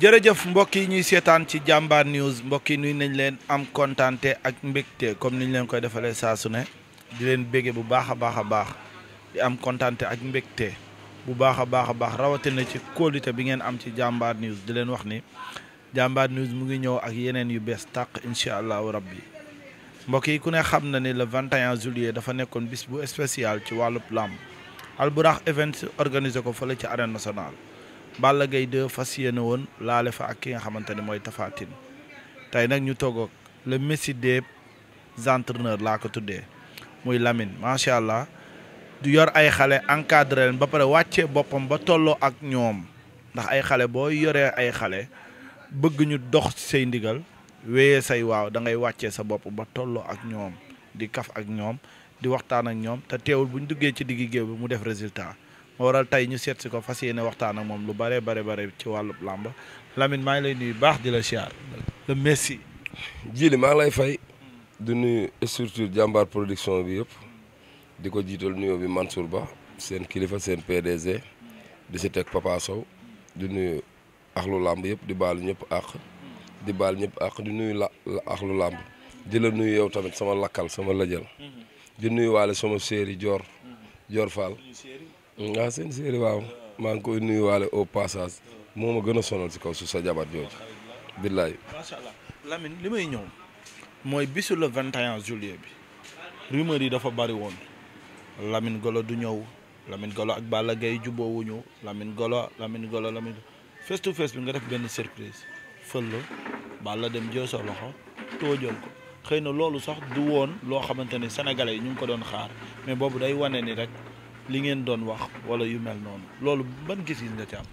jërëjëf mbokk yi ñuy seetaan ci jàmbaar news mbokk yi nuy nañ leen am kontaante ak mbégte comme niñ leen koy defalee saa su ne di leen bége bu baax a baax a baax di am kontaante ak mbégte bu baax a baax a baax rawatina ci kóolute bi ngeen am ci jàmbaar news di leen wax ni jàmbaar news mu ngi ñëw ak yeneen yu bees tàq incha allahu rabbi mbokk yi ku ne xam na ni le 21 juillet dafa nekkoon bis bu spécial ci wàllub làmb Albourakh Events organisé ko fële ci arène nationale. Balla Gaye 2 fas yéene woon laale fa ak ki nga xamante ne mooy tafaatin Tine tey nag ñu toog le Messi des entraîneurs laa ko tuddee muy Lamine macha allah du yor ay xale encadré leen ba pare wàccee boppam ba tolloo ak ñoom ndax ay xale boo yoree ay xale bëgg ñu dox say ndigal wéyee say waaw da ngay wàccee sa bopp ba tolloo ak ñoom di kaf ak ñoom di waxtaan ak ñoom te teewul bu ñu duggee ci diggi géew bi mu def résultat moo waral tey ñu seet si ko fas yéene waxtaan ak moom lu bare bare bare ci wàllu làmb Lamine maa ngi lay nuyu baax di la siyaar le Messi. jili maa ngi lay fay. di nuyu structure jàmbaar production bi yëpp. di ko jiital nuyoo bi Mansour Ba seen kilifa seen PDG. di si teg Papa Sow. di nuyu axlu làmb yëpp di baal ñëpp àq. di baal ñëpp àq di nuyu la axlu làmb. di la nuyu yow tamit sama lakkal sama lajal. Mhm. di nuyu waale sama séeri joor Dior Fall. waaw seen séeri waaw maa ngi koy nuyuwaale au passage moo ma gën a sonal si kaw su sa jabar jooju billaay. macha allah Lamine li may ñëw mooy bisu le 21 juillet bi rumeur yi dafa bari woon Lamine Golo du ñëw lamin Golo ak Balla Gaye jubboowuñu Lamine Golo Lamine Golo lamin face to face bi nga def benn surprise fël la Balla dem jël sa loxo tóojal ko. xëy na loolu sax du woon loo xamante ni sénégalais yi ñu ngi ko doon xaar mais boobu day wane nii rek li ngeen doon wax wala yu mel noonu loolu ban gis yi nga ci am.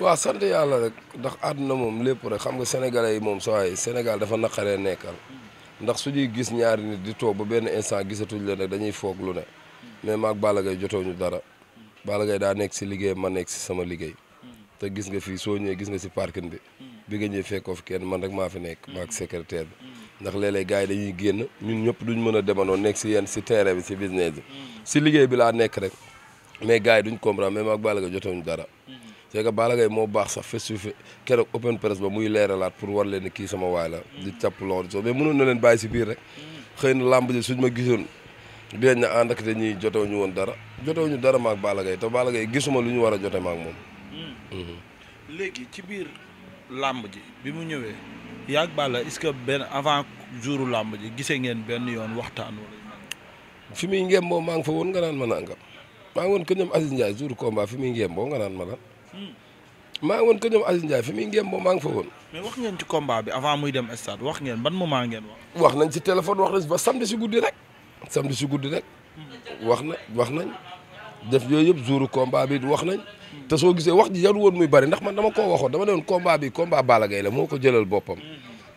waa sant yàlla rek ndax àdduna moom lépp rek xam nga sénégalais yi moom saa waay Sénégal dafa naqaree nekkal ndax su ñuy gis ñaari nit di toog ba benn instant gisatuñ leen rek dañuy foog lu ne mais maa Balla Gaye jotoo ñu dara Balla Gaye daa nekk si liggéey ma nekk si sama liggéey te gis nga fii soo ñëwee gis nga si parkin bi bi nga ñëwee fekkoo fi kenn man rek maa fi nekk maag secrétaire bi ndax léeg-léeg gars yi dañuy génn ñun ñëpp duñ mën a demandoo nekk si yenn si terrain bi si business bi si liggéey bi laa nekk rek mais gars yi duñ comprendre même ak Balla Gaye jotewuñ dara c'est que Balla moo baax sax fesufi keroog open press ba muy leeralaat pour war leen kii sama waay la di capp loolu soo mais mënoon na leen bàyyi si biir rek xëy na làmb ji suñ ma gisoon dinañ na ànd ak te ñuy jotewuñu woon dara jotewuñu dara maak Balla Gaye te Balla Gaye gisuma lu ñu war a jote maak moom léegi ci biir làmb ji bi mu ñëwee yàgg Balla est-ce que benn avant jouru làmb ji gisee ngeen benn yoon waxtaan wala. fi muy ngem boo maa ngi fa woon nga naan ma nangam maa woon ko hmm. ñoom Aziz Ndiaye fi muy ngem boo nga naan ma maa ngi woon ko ñoom Aziz fi muy ngem boo maa ngi fa woon. mais wax ngeen ci combat bi avant muy dem stade wax ngeen ban moment ngeen wax. wax nañ ci téléphone wax nañ ba samedi si guddi rek. si guddi rek. Hmm. wax na wax nañ. def yooyu yëpp jouru combat bi wax nañ te soo gisee wax ji jarul woon muy bari ndax man dama koo waxoon dama ne woon combat bi combat Balla la ko jëlal boppam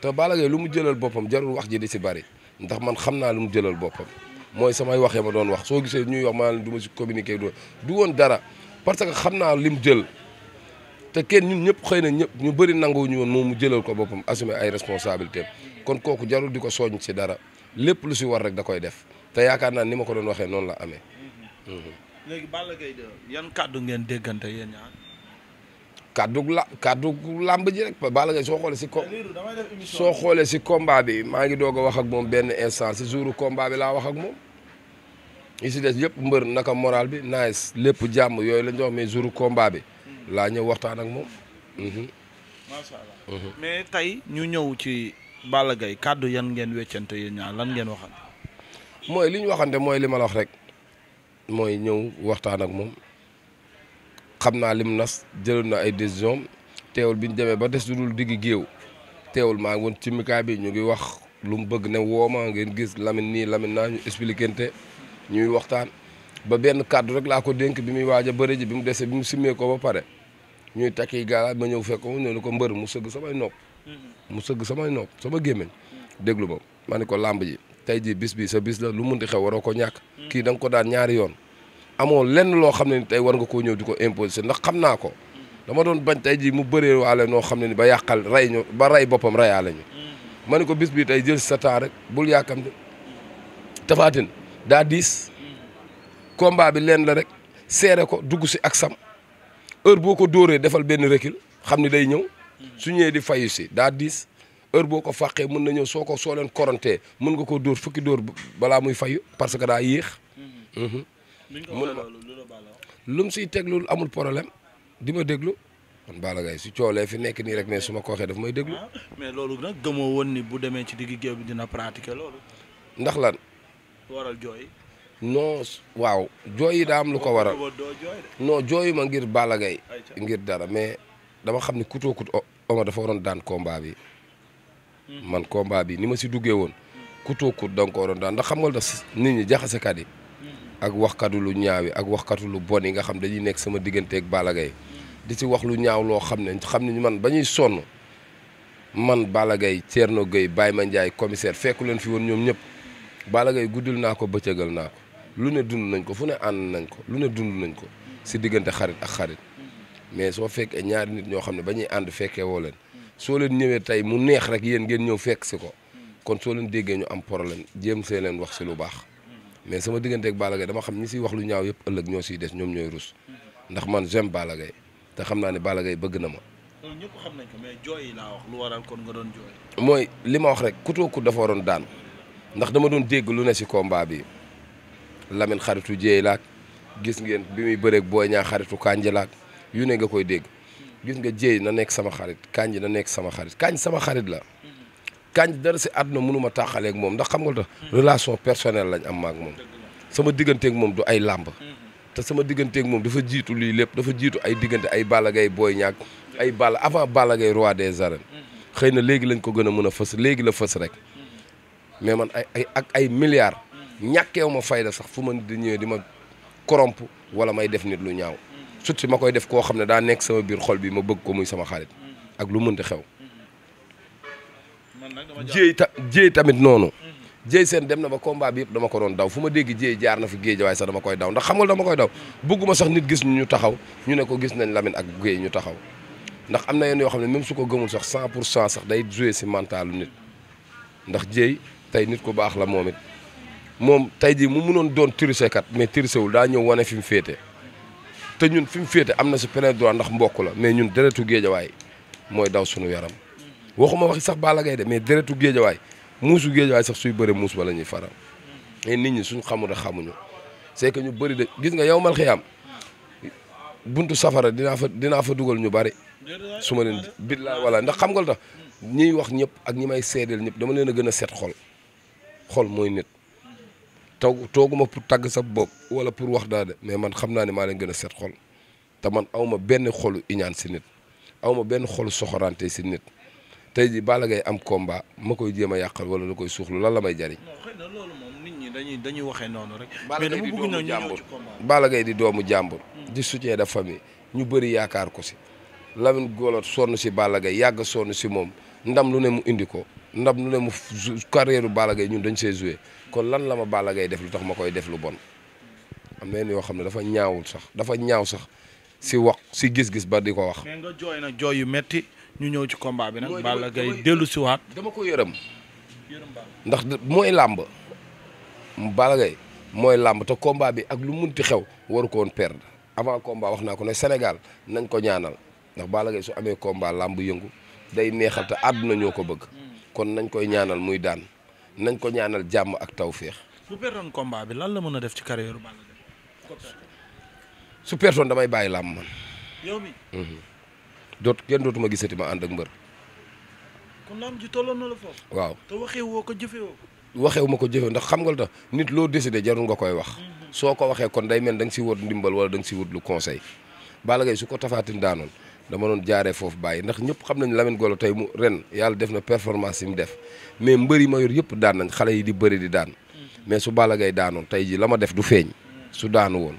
te Balla lu mu jëlal boppam jarul wax ji di si bari ndax man xam naa lu mu jëlal boppam mooy samay waxee ma doon wax soo gisee ñuy wax maa du ma si du woon dara parce que xam naa li mu jël te kenn ñun ñëpp xëy na ñëpp ñu bëri nanguwu ñu woon moom mu jëlal ko boppam assumer ay responsabilités kon kooku jarul di ko sooñ si dara lépp lu si war rek da koy def te yaakaar naa ni ma ko doon waxee noonu la amee léegi Balla Gaye yan kàddu ngeen déggante yéen ñaar. kàddu la kàddu làmb ji rek Balla Gaye soo xoolee si. ko soo xoolee si combat bi maa ngi doog a wax ak moom benn instant si jouru combat bi laa wax ak moom. yi si des yëpp mbër naka moral bi nice lépp jàmm yooyu lañ ñu wax mais jouru combat bi. laa ñëw waxtaan ak moom. Mhm. macha mhm. mais tey ñu ñëw ci Balla Gaye kàddu yan ngeen weccante yéen ñaan lan ngeen waxante. mooy li ñu waxante mooy li ma la wax rek. mooy ñëw waxtaan ak moom xam naa lim nas jëloon na ay décision teewul bi ñu demee ba des du dul digg géew teewul maa ngi woon ci mikaay bi ñu ngi wax lu mu bëgg ne wooma ngeen gis Lamine nii Lamine naa ñu expliquente ñuy waxtaan ba benn kàddu rek laa ko dénk bi muy waaj a bëri ji bi mu desee bi mu simmee ko ba pare ñuy takki gaalaat ma ñëw fekk mu ñëw ne ko mbër mu sëgg samay noog mm-hmm. mu sëgg samay nopp sama gémmiñ déglu ma ma ne ko làmb ji tey jii bis bi sa bis la lu mun di xew waroo ko ñàkk kii da ko daan ñaari yoon amoo lenn loo xam ne ni tey war nga koo ñëw di ko imposer ndax xam naa ko dama doon bañ tey jii mu bëree waale noo xam ne ni ba yàqal rey ñu ba rey boppam reyaale ñu mm. ma ne ko bis bi tey jël sa temps rek bul yàkkamte tafaatin daa diis mm. combat bi leen la rek seere ko dugg si ak sam heure boo ko dóoree defal benn recul xam ni day ñëw mm. su ñëwee di fayu si daa diis heure boo ko fàqee mën na ñëw soo ko soo leen korontee mën nga koo dóor fukki dóor balaa muy fay parce que daa yéex. mun mhm. lu mu siy teg loolu amul problème di ma déglu. kon Balla si su coolee fi nekk nii rek mais su ma ko waxee daf may déglu. Ah, mais loolu nag gëmoo woon ni bu demee ci digg géew bi dina pratiquer loolu. ndax lan. waral jooy. non waaw yi daa am lu ko waral non jooyu ma ngir Balla Gaye ngir dara mais dama xam ni kutoo kut Omar dafa waroon daan kombaa bi. man combat bi ni ma si duggee woon kutoo kut da ko waroon daan ndax xam nga daf nit ñi jaxasekat yi ak waxkatu lu ñaaw yi ak waxkatu lu bon yi nga xam dañuy nekk sama digganteeg Balla di ci wax lu ñaaw loo xam ne xam ne man ba ñuy sonn man Balla Gaye Thierno Gueye Baye Mandiaye commissaire fekku leen fi woon ñoom ñëpp Balla Gaye guddil naa ko bëccëgal naa ko lu ne dund nañ ko fu ne ànd nañ ko lu ne dund nañ ko si diggante xarit ak xarit mais soo fekkee ñaari nit ñoo xam ne ba ñuy ànd fekkee woo leen soo leen ñëwee tey mu neex rek yéen ngeen ñëw fekk si ko kon soo leen déggee ñu am poro problème jéem see leen wax si lu baax mais sama digganteeg Balla Gaye dama xam ñi siy wax lu ñaaw yëpp ëllëg ñoo si des ñoom ñooy rus ndax man j'aime Balla te xam naa ne Balla Gaye bëgg na ma. xam nañ ko mais jooy yi laa wax lu waral doon jooy. mooy li ma wax rek kutoo ku dafa waroon daan ndax dama doon dégg lu ne si kombaa bi Lamine xaritu Jéey laak gis ngeen bi muy bëreeg Boy Niang xaritu Kànji laak yu ne nga koy dégg. gis nga jéey na nekk sama xarit kanji na nekk sama xarit kanji sama xarit la kanji dara si àdduna mënuma tàqaleeg moom ndax xam nga tax mm-hmm. relation personnelle lañ am maak moom sama digganteeg moom du ay làmb mm-hmm. te sama digganteeg moom dafa jiitu lii lépp dafa jiitu ay diggante ay Balla booy ñàkk ay Balla avant Balla Gaye roi des arènes mm-hmm. xëy na léegi lañ ko gën a mën a fës léegi la fës rek mais man ay ay ak ay milliards ñàkkeew ma fayda sax fu ma di ñëwee di ma corrompre wala may def nit lu ñaaw sut si ma def ko xamne da nek sama bir xol bi ma bëgg ko muy sama xarit ak lu mënta xew jéey ta jéey tamit nonu jey sen dem na ba combat bi dama ko don daw fuma deg dégg jaar na fi géej waaye sax dama koy daw ndax xam nga dama koy daw bëgguma sax nit gis ñu taxaw ñu ne ko gis nañ Lamine ak géey ñu taxaw ndax am na yenn yoo même suko ko gëmul sax 100 sax day jouer ci mental nit ndax jey tay nit ku bax la momit mom tay di mu mu don doon kat mais wul da ñëw woné fim fété te ñun fi mu féete am na si plein droit ndax mbokk la mais ñun deretu géejawaay mooy daw suñu yaram waxuma waxi sax Balla Gaye de mais deretu géejawaay muusu géejawaay sax suy bëre muus ba la ñuy faral mais nit ñi suñ xamul xamuñu c'est que ñu bëri de gis nga yow mal am buntu safara dinaa fa dinaa fa dugal ñu bari su ma leen billaay wala ndax xam nga lu tax ñiy wax ñëpp ak ñi may seedeel ñëpp dama leen a gën a set xol xol mooy nit taw tooguma pour tàgg sa bopp wala pour wax daa de mais man xam naa ne maa leen gën a set xol te man awma benn xolu iñaan si nit awma benn xolu soxorante si nit tey jii Balla Gaye am komba ma koy jéem a yàqal wala da koy suuxlu lan la may jariñ dañuy dañuy waxee noonu rek. mais dama bëgg na ñu ñëw ci di doomu jàmbur. di soutien de famille ñu bëri yaakaar ko si. Lamine Golot sonn si Balla Gaye yàgg sonn si moom ndam lu ne mu indi ko ndam lu ne mu carrière Balla Gaye ñun dañ see joué kon lan la ma Balla gay def lu tax ma koy def lu bon am na yoo xam ne dafa ñaawul sax dafa ñaaw sax si wax si gis-gis ba di ko wax. mais nga yu metti ñu ñëw ci combat bi nag. Balla Gaye dellu si waat. dama ko yërëm. ndax mooy làmb. Balla Gaye mooy làmb te combat bi ak lu mun munti xew waru ko woon perdre avant combat wax naa ko ne senegal nañ ko ñaanal ndax Balla Gaye su amee komba làmb yëngu day neexal te àdduna ñoo ko bëgg mm. kon nañ koy ñaanal muy daan. nañ ko ñaanal jamm ak tawféex. bu pertoon combat bi lan la mëna def ci carrière Balla Gaye su pertoon damay bayyi lam man. yow mi hmm dot kenn dotuma gisati ma and ak mbeur kon làmb ji tolo na la foofu. waaw te waxee wo ko jëfé wo ko. wu mako jëfé ndax xam nga lu nit lo décider jarul nga koy wax. Mhm. soko ko kon day mel dang ci si ndimbal wala dang ci si lu conseil. Balla Gaye su ko tafaatin daanoon. dama doon jaaree foofu bàyyi ndax ñëpp xam nañ Lamine Golo tey mu ren yàlla def na performance yi mu def mais mbër yi ma yor yëpp daan nañ xale yi di bëri di daan mais su Balla Gaye daanoon tey ji lama def du feeñ su daanu woon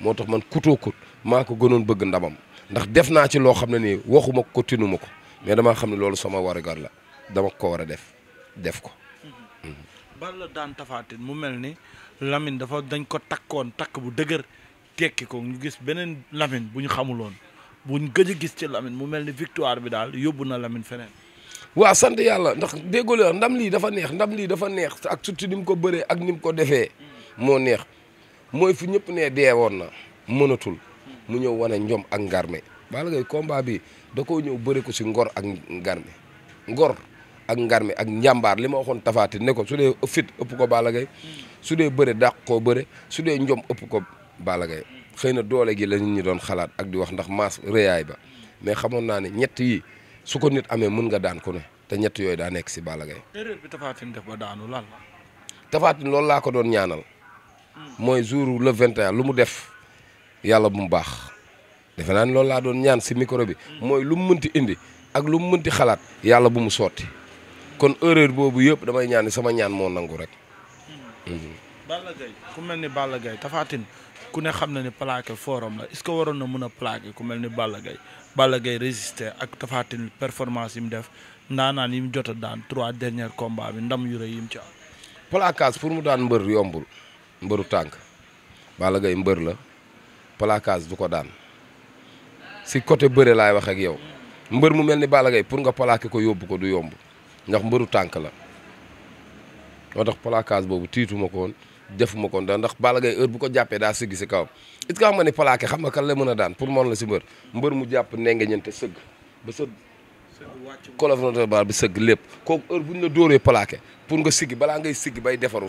moo tax man kutoo kut maa ko gënoon bëgg ndamam ndax def naa ci loo xam ne nii waxuma ko tinuma ko mais damaa xam ne loolu sama warugar la dama ko war a def def ko. Balla daan tafaatin mu mel ni Lamine dafa dañ ko takkoon takk bu dëgër tekki ko ñu gis beneen Lamine bu ñu xamuloon buñ gëj a gis ci Lamine mu mel ni victoire bi daal yóbbu na Lamine feneen. waa sant yàlla ndax déggoo la ndam lii dafa neex ndam lii dafa neex ak surtout ni mu ko bëree ak ni mu ko defee moo neex mooy fu ñëpp ne woon na mënatul mu ñëw wane njom ak ngarme Balla Gaye combat bi da koo ñëw bëri ko si ngor ak ngarme ngor ak ngarme ak njàmbaar li ma waxoon tafaati ne ko su dee fit ëpp ko Balla su dee bëre dàq koo bëre su dee njom ëpp ko balagay xëy na doole gi la nit ñi doon xalaat ak di wax ndax maas rëyaay ba mais xamoon naa ne ñett yi su ko nit amee mun nga daan ku ne te ñett yooyu daa nekk si Balla Gaye. erreur bi Tapha def ba daanu lan la. Tapha loolu laa ko doon ñaanal. mooy jour le 21 lu mu def yàlla bu mu baax. defe naa ne loolu laa doon ñaan si micro bi. mooy lu mu mënti indi ak lu mu mënti xalaat yàlla bu mu sotti. kon erreur boobu yëpp damay ñaan sama ñaan moo nangu rek. Hmm. ku ne xam na ni plaqué forum la est-ce waroon na mën a plaqué ku mel ni Balla Gaye Balla Gaye résister ak Tapha Tine performance yi mu def ndaanaan yi mu jot daan trois derniers combats bi ndam yu rëy yi mu ci pour mu daan mbër yombul mbëru tànk Balla gay mbër la plaquage du ko daan si côté bëre lay wax ak yow mbër mu mel ni bala gay pour nga plaqué ko yóbbu ko du yomb ndax mbëru tànk la moo tax plaquage boobu tiitu ma ko defuma ko ndax Balla Gaye heure bu ko jàppee daa sëgg si kawam it ka xam nga ni plaqué xam nga kan la mën a daan pour moon la si mbër mbër mu jàpp nenge ñente sëgg ba sa collaborateur baal bi sëgg lépp kooku heure bu ñu la dóoree plaqué pour nga siggi balaa ngay siggi bay defaru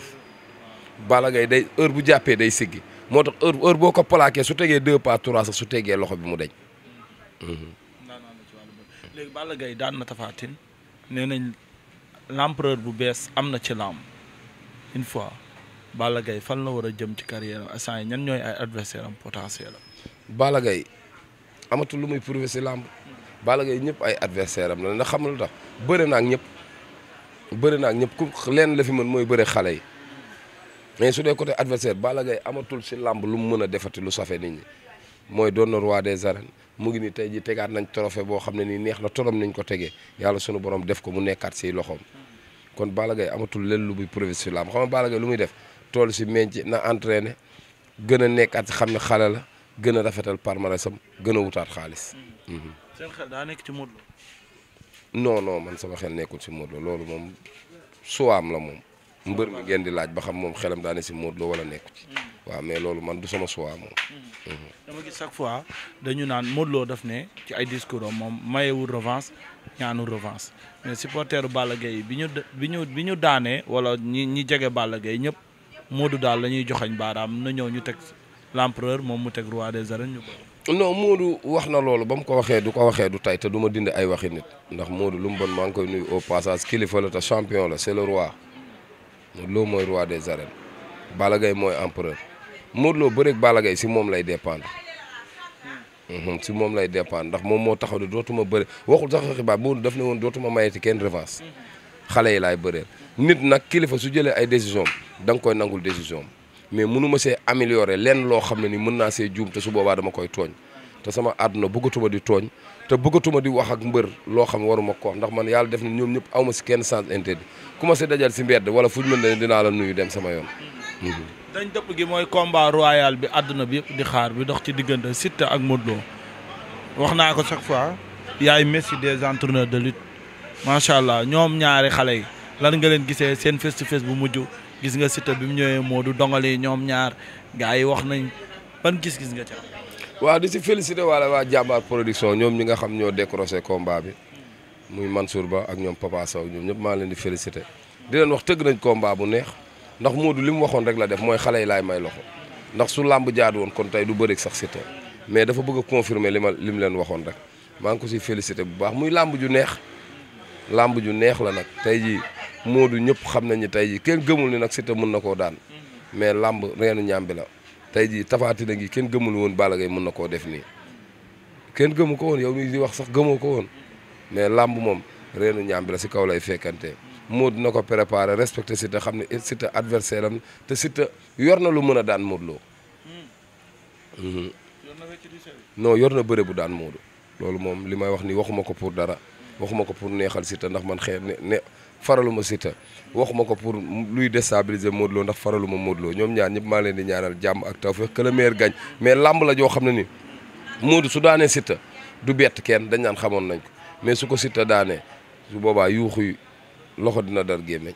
bala Gaye day heure bu jàppee day siggi moo tax heure heure boo ko plaqué su tegee deux pas trois su tegee loxo bi mu deñ léegi Balla Gaye daan na Tapha Tine nee nañ l'empereur bu bees am na ci lamb fois Balla Gaye fan la war a jëm ci carrière am instant yi ñan ñooy ay adversaire am potentiel am. Balla Gaye amatul lu muy prouver si làmb. Balla Gaye ñëpp ay adversaire am la ndax xam lu tax bëri na ak ñëpp bëri na ak ñëpp ku leen la fi mën mooy bëri xale yi mais su dee côté adversaire Balla Gaye amatul si làmb lu mu mën a defati safee nit ñi mooy doon na des arènes mu ngi ni tey ji tegaat nañ trophée boo xam ne nii neex na torom nañ ko tegee yàlla sunu borom def ko mu nekkaat si loxoom kon Balla Gaye amatul leen lu muy prouver si làmb xam nga Balla lu muy def. tol ci menc na entraîner gëna nek at xamni xala la gëna a rafetal parmarèsam gëna wutat xaliss hmm sen xel da nek ci modlo non non man sama xel nekul ci modlo lolu mom moom suwaam la mom mbeur mi gën di laaj ba xam mom xelam da ne ci modlo wala nek ci. Mm. wa mais lolu man du sama choix moom. Mm. Mhm. dama gis chaque fois dañu nan modlo daf ne ci ay discours mom moom mayewul revanche ñaanu revanche mais supporteru Balla Gaye biñu biñu bi ñu wala ñi ñi jege Balla Gaye ñëpp. Modou daal la ñuy joxañ baaraam na ñëw ñu teg l'empereur moom mu teg roi des arènes ñu non Modou wax na loolu ba mu ko waxee du ko waxee du tey te du ma dindi ay waxi nit ndax Modou lu mu bon maa ngi koy nuyu au passage kilifa la te champion la c'est le roi Modou Lo mooy roi des arènes Balla Gaye mooy empereur Modou loo bëreeg bala gay si moom lay dépendre mhm, si moom lay dépendre ndax moom moo taxaw ne dootuma bëri waxul sax xibaar Modou daf ne woon dootuma mayeti kenn revanche xale yi laay bëreel nit nag kilifa su jëlee ay décision da nga koy nangul décision mais mënu ma see améliorer lenn loo xam ne ni mën naa see juum te su boobaa dama koy tooñ te sama àdduna bëggatuma di tooñ te bëggatuma di wax ak mbër loo xam waruma koo ndax man yàlla def na ñoom ñëpp awma si kenn sens interdit ku si dajal si mbedd wala fu ñu mën ne dinaa la nuyu dem sama yoon mhm. dañ dëpp gi mooy combat royal bi àdduna bi yëpp di xaar bi ndox ci diggante Siteu ak Modou wax naa ko chaque fois yaay Messi des entraîneurs de lutte macha allah ñoom ñaari xale yi lan nga leen gisee seen face to face bu mujj gis nga Siteu bi mu ñëwee moo du dongali ñoom ñaar gars yi wax nañ ban gis-gis nga ci am. waaw di si félicité wala waa jàmbaar production ñoom ñi nga xam ñoo décroché combat bi muy Mansour Ba ak ñoom Papa Sow ñoom ñëpp maa leen di félicité di leen wax tëgg nañ combat bu neex ndax Modou li mu waxoon rek la def mooy xale yi laay may loxo ndax su làmb jaadu woon kon tey du bëri sax Siteu mais dafa bëgg confirmer li ma li mu leen waxoon rek maa ko siy félicité bu baax muy làmb ju neex. làmb ju neex la nag tey ji Modou ñëpp xam nañu tey jii kenn gëmul ni nag Siteu mën na koo daan mais làmb reenu ñaambi la tey jii Tapha Tine gi kenn gëmul woon Balla Gaye mën na koo def nii kenn gëmu ko woon yow nii di wax sax gëmoo ko woon mais làmb moom reenu ñaambi la si kaw lay fekkante Modou na ko préparé respecté Siteu xam ne Siteu adversaire am te Siteu yor na lu mën a daan Modou Lo non yor na bëre daan Modou loolu moom li may wax ni waxuma ko pour dara waxuma ko pour neexal Siteu ndax man xee ne faraluma Siteu waxuma ko pour luy déstabiliser Modou ndax faraluma Modou Lo ñoom ñaan ñëpp maa leen di ñaanal jàmm ak tawfeex que le meilleur gagne mais làmb la joo xam ne ni Modou su daanee Siteu du bett kenn dañ naan xamoon nañ ko mais su ko Siteu daanee su boobaa yuuxu loxo dina dar gémmeñ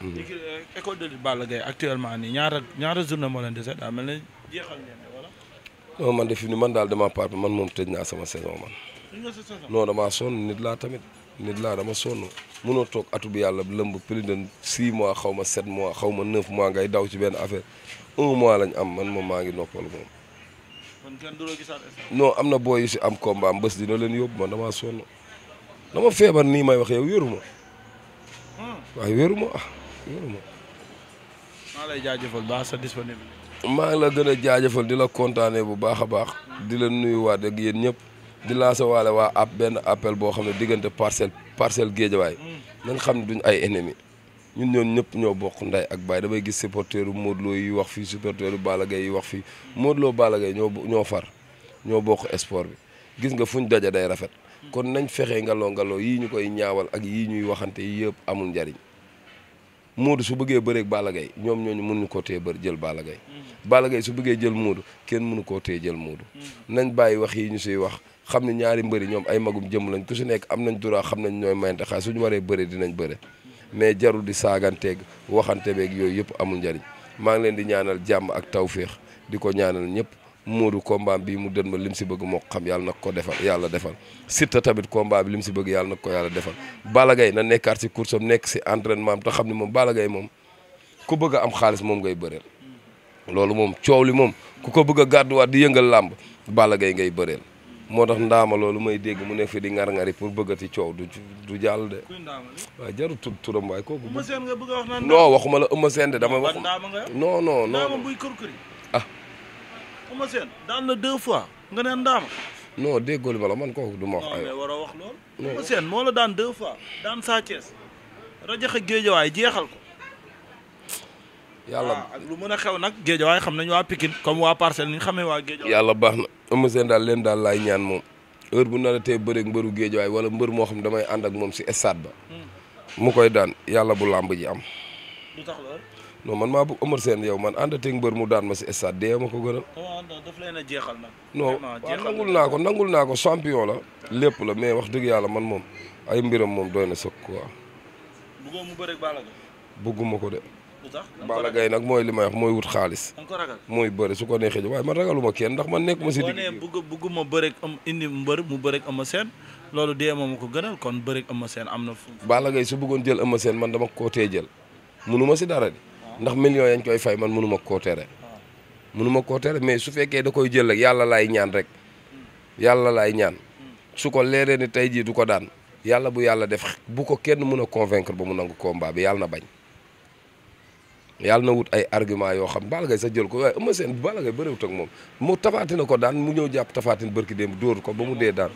hmm. euh, école de Balla Gaye actuellement nii ñaara ñaara journée moo leen dese daa mel ne jeexal man de fi ni man daal dama part man moom tëj naa sama saison man. noo damaa sonn nit laa tamit nit laa dama sonn mënoo toog atu bi yàlla lëmb plus de six mois xaw ma sept mois xaw ma neuf mois ngay daw ci benn affaire un mois lañ am man moom maa ngi noppal moom. kon kenn du la gisaat am na booy yu si am combat am dina leen yóbbu man dama sonn dama feebar nii may wax yow wéru ma hmm. waaye wéru ma ah, maa lay jaajëfal baax sa disponible. maa ngi la gën a jaajëfal di la kontaanee bu baax a baax di la nuyuwaat ak yéen ñëpp. di lancer waale waa ab benn appel boo xam ne diggante parcelle parcelle géejawaay mm. nañ xam ne duñ ay ennemi ñun ñoon ñëpp ñoo bokk nday ak baay damay gis supporteru Modou Lo yi wax fii supporteru Balla Gaye yi wax fii Modou Lo Balla Gaye ñoo ñoo far ñoo bokk sport bi gis nga fuñ daje day rafet kon nañ fexe ngaloo ngaloo yii ñu koy ñaawal ak yii ñuy waxante yi yëpp amul njariñ Modou su bëggee bëreeg balagay Gaye ñoom ñooñu mënuñu koo téye bër jël Balla Gaye mm. Balla su bëggee jël Modou kenn mënu koo téye jël Modou mm. nañ bàyyi wax yi ñu siy wax xam nyari ñaari nyom, ñom ay magum jëm lañ ku ci nek am nañ droit xam nañ ñooy mayante xaalis suñu waré beuré dinañ beuré mais jarul di saaganteeg waxanté bék yoy yëpp amul njariñ ma ngi leen di ñaanal jamm ak tawfiq diko ñaanal ñëpp Modou combat bi mu lim si bëgg mo xam yalla na ko defal yalla defal sita tamit combat bi lim si bëgg yalla nak ko yalla defal balagay na nekkaat ci course am nekk si entraînement ta xamni mom balagay mom ku bëgg am xaaliss mom ngay bëreel lolu mom ciowli mom ku ko bëgg a gàdduwaat di yëngal lamb balagay ngay beurel motax ndama lolou may deg mu ne fi di ngar-ngari pour bëggati ciow du du jall de. waaw jarul tur turam way koku Eumeu sen nga beug wax naan non waxuma la euma sen de dama wax. non non non ndaama buy kër-kër ah. euma sen daan na deux fois nga ne ndama non degol li man koku du ma wax. ay wara wax lol euma sen mo la dan deux fois dan Sa Thiès rajaxe way jeexal ko. yalla ah, ak lu mën xew nak géejawaay way xamnañ wa Pikine comme wa parcel ni xamé wa waa yalla baxna amu Sène daal leen daal laay ñaan mom heure bu nar tay beureug mbeuru mbëru géejawaay wala mbeur mo xam damay and ak mom ci stade ba mu koy daan yalla bu lamb ji am. lu tax loolu. non man ma bu Eumeu sen yow man andate ak mbeur mu daan ma ci stade de ma ko gënal. waaw oh, daf leena a jeexal nag. non nangul nako nangul naa champion la. lepp la mais wax deug yalla man mom ay mbiram mom doyna na sëkk quoi. bëggoo mu beureug balaga Gaye. bëgguma de. Balla Gaye nag mooy li may mooy wut xaalis. mooy bëri su ko neexee ji waaye man ragaluma kenn ndax man nekkuma si. digg bi boo nee am indi mbër mu am a Sène loolu dee moom ko gënal kon bëreeg Eumeu Sène am na fu. Balla Gaye su bëggoon jël Eumeu seen man dama ko tee jël munuma si dara di ah. ndax millions yañ koy fay man munuma koo tere. Ah. munuma koo tere mais su fekkee da koy jël rek yàlla laay ñaan rek hmm. yàlla laay ñaan hmm. su ko leeree ni tey jii du ko daan yàlla bu yàlla def bu ko kenn mën a ba mu nangu combat bi yàlla na bañ yàlla na wut ay argument yoo xam Balla Gaye sa jël ko waaye Eumeu Sène bu Balla Gaye bëriwut ak moom mu tafaatina ko daan mu ñëw jàpp tafaatin bërki démb dóor ko ba mu dee daan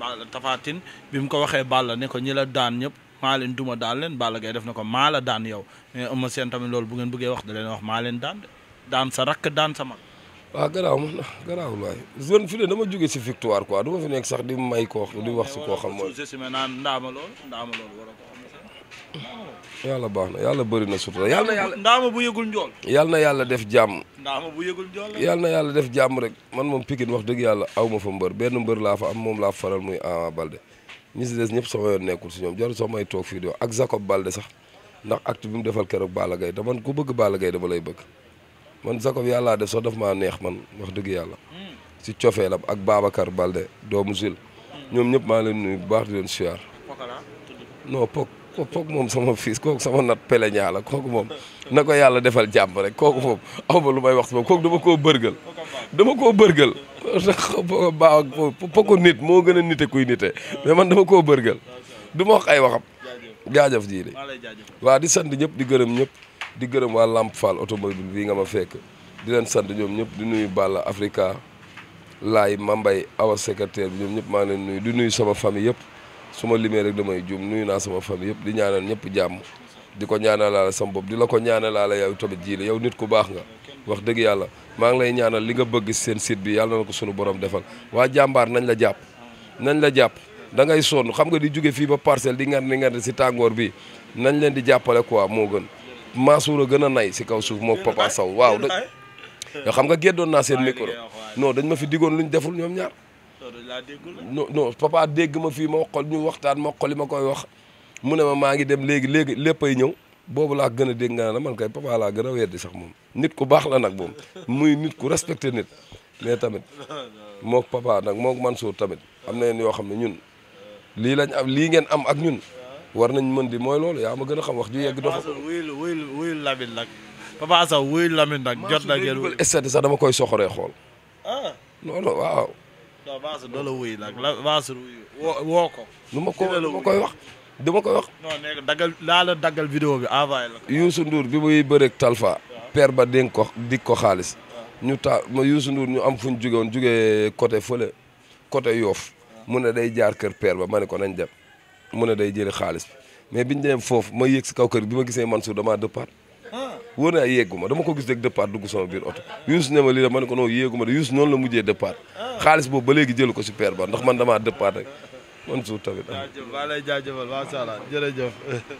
Balla tafaatin bi mu ko waxee Balla ne ko ñi la daan ñëpp maa leen duma daan leen Balla Gaye def na ko maa la daan yow mais Eumeu Sène tamit loolu bu ngeen bëggee wax da leen wax maa leen daan daan sa rakk daan sa mag waaw garaaw man garaawul waay zone fi ne dama jóge si victoire ko du ma fi nekk sax di may koo di wax si koo xam mooy ndaama loolu ndaama loolu war a yàlla baax na yàlla bëri na sutura yàlla na yàlla ndaama bu yëgul njool yàlla na def jàmm ndaama bu yëgul njool yàlla na yàlla def jàmm rek man moom Pikine wax dëgg yàlla aw ma fa mbër benn mbër laa fa am moom laa faral muy Ama Balde ñi si des ñëpp sama nekkul si ñoom jarul sax may toog fii di wax ak Jacob Balde sax ndax acte bi mu defal keroog Balla Gaye man ku bëgg Balla gay dama lay bëgg man Jacob yàllaa def sax daf maa neex man wax dëgg yàlla hmm. si la ak Babacar Balde doomu Jules hmm. ñoom ñëpp maa leen nuyu bu baax di leen siyaar pok kooku moom sama fiis kooku sama nat peleñaa la kooku moom na ko yàlla defal jàmm rek kooku moom aw ma lu may wax si moom kooku dama koo bërgal dama koo bërgal baaw ak nit moo gën a nite kuy nite mais man dama koo bërgal du ma wax ay waxam jaajëf jii de waaw di sant ñëpp di gërëm ñëpp di gërëm waa Lamp Fall automobile bii nga ma fekk di leen sant ñoom ñëpp di nuyu Balla Africa laay Mambay Awa secrétaire bi ñoom ñëpp maa ngi leen nuyu di nuyu sama famille yëpp su ma limee rek damay juum nuyu naa sama famille yëpp di ñaanal ñëpp jàmm di ko laal sama bopp di la ko ñaanalaale yow tamit jii la yow nit ku baax nga wax dëgg yàlla maa ngi lay ñaanal li nga bëgg seen site bi yàlla na ko sunu borom defal waa jàmbaar nañ la jàpp nañ la jàpp da ngay sonn xam nga di jóge fii ba parcelle di ngan di ngan si tàngoor bi nañ leen di jàppale quoi moo gën Mansour a gën a nay si kaw suuf moo Papa saw waaw da xam nga géddoon naa seen micro non dañ ma fi digoon luñ deful ñoom ñaar non non papa dégg ma fii ma wax ko ñu waxtaan ma li ma koy wax mu ne ma maa ngi dem léegi léegi léppay ñëw boobu laa gën a dégg nga la man kay papa laa gën a weddi sax moom nit ku baax la nag moom muy nit ku respecté nit mais tamit mook papa nag mook man Mansour tamit am na yenn yoo xam ne ñun lii lañ am lii ngeen am ak ñun war nañ mën di mooy loolu yaa ma gën a xam wax ju yegg dox wuyul wuyul wuyul Lamine nag papa sax wuyul Lamine nag jot na ngeen sax dama koy soxoree xool ah. non waaw non Mansour doo nag la Mansour woo ko. nu ma ko ma koy wax du ma koy wax. non vidéo bi envoyé la ko. Youssou Ndour bi muy bëreeg Talfa. père ba dénk ko dig ko xaalis. ñu ta ma Youssou Ndour ñu am fu ñu jóge juge jógee côté fële côté Yoff mu ne day jaar kër père ba ma ne ko nañ dem mu ne day jëli xaalis bi mais biñ dem foofu ma yéeg si kaw kër bi ma gisee Mansour damaa départ. wóor naa yeggu ma dama ko gis rek départ dugg sama biir oto Youssou ne ma lii da ma ne ko non yeggu ma de Youssou noonu la mujjee départ ah. xaalis boobu ba jël ko si père ba ndax man damaa départ rek man suur tamit. jaajëf waa lay jaajëfal macha allah jërëjëf.